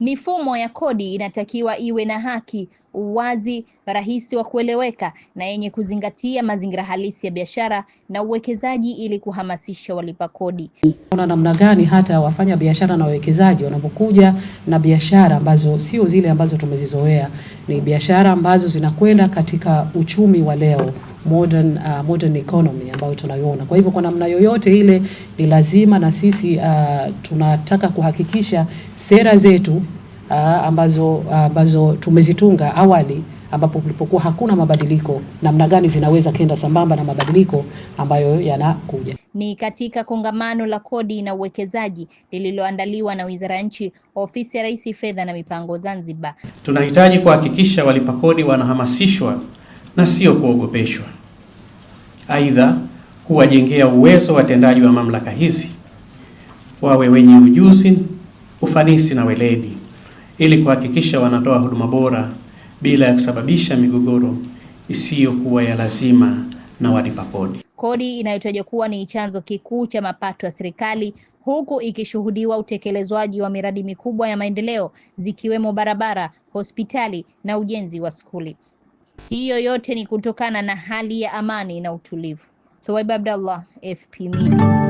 Mifumo ya kodi inatakiwa iwe na haki, uwazi, rahisi wa kueleweka na yenye kuzingatia mazingira halisi ya biashara na uwekezaji ili kuhamasisha walipa kodi. Kuna namna gani hata wafanya biashara na wawekezaji wanapokuja na biashara ambazo sio zile ambazo tumezizoea, ni biashara ambazo zinakwenda katika uchumi wa leo, modern, uh, modern economy ambayo tunaiona. Kwa hivyo kwa namna yoyote ile ni lazima na sisi uh, tunataka kuhakikisha sera zetu uh, ambazo, uh, ambazo tumezitunga awali ambapo kulipokuwa hakuna mabadiliko, namna gani zinaweza kenda sambamba na mabadiliko ambayo yanakuja. Ni katika kongamano la kodi na uwekezaji lililoandaliwa na Wizara ya Nchi, Ofisi ya Rais Fedha na Mipango Zanzibar. Tunahitaji kuhakikisha walipa kodi wanahamasishwa na sio kuogopeshwa. Aidha, kuwajengea uwezo watendaji wa mamlaka hizi wawe wenye ujuzi, ufanisi na weledi ili kuhakikisha wanatoa huduma bora bila ya kusababisha migogoro isiyokuwa ya lazima na walipa kodi. Kodi inayotajwa kuwa ni chanzo kikuu cha mapato ya serikali huku ikishuhudiwa utekelezwaji wa miradi mikubwa ya maendeleo zikiwemo barabara, hospitali na ujenzi wa skuli hiyo yote ni kutokana na hali ya amani na utulivu. Thawaib Abdallah, FP Media.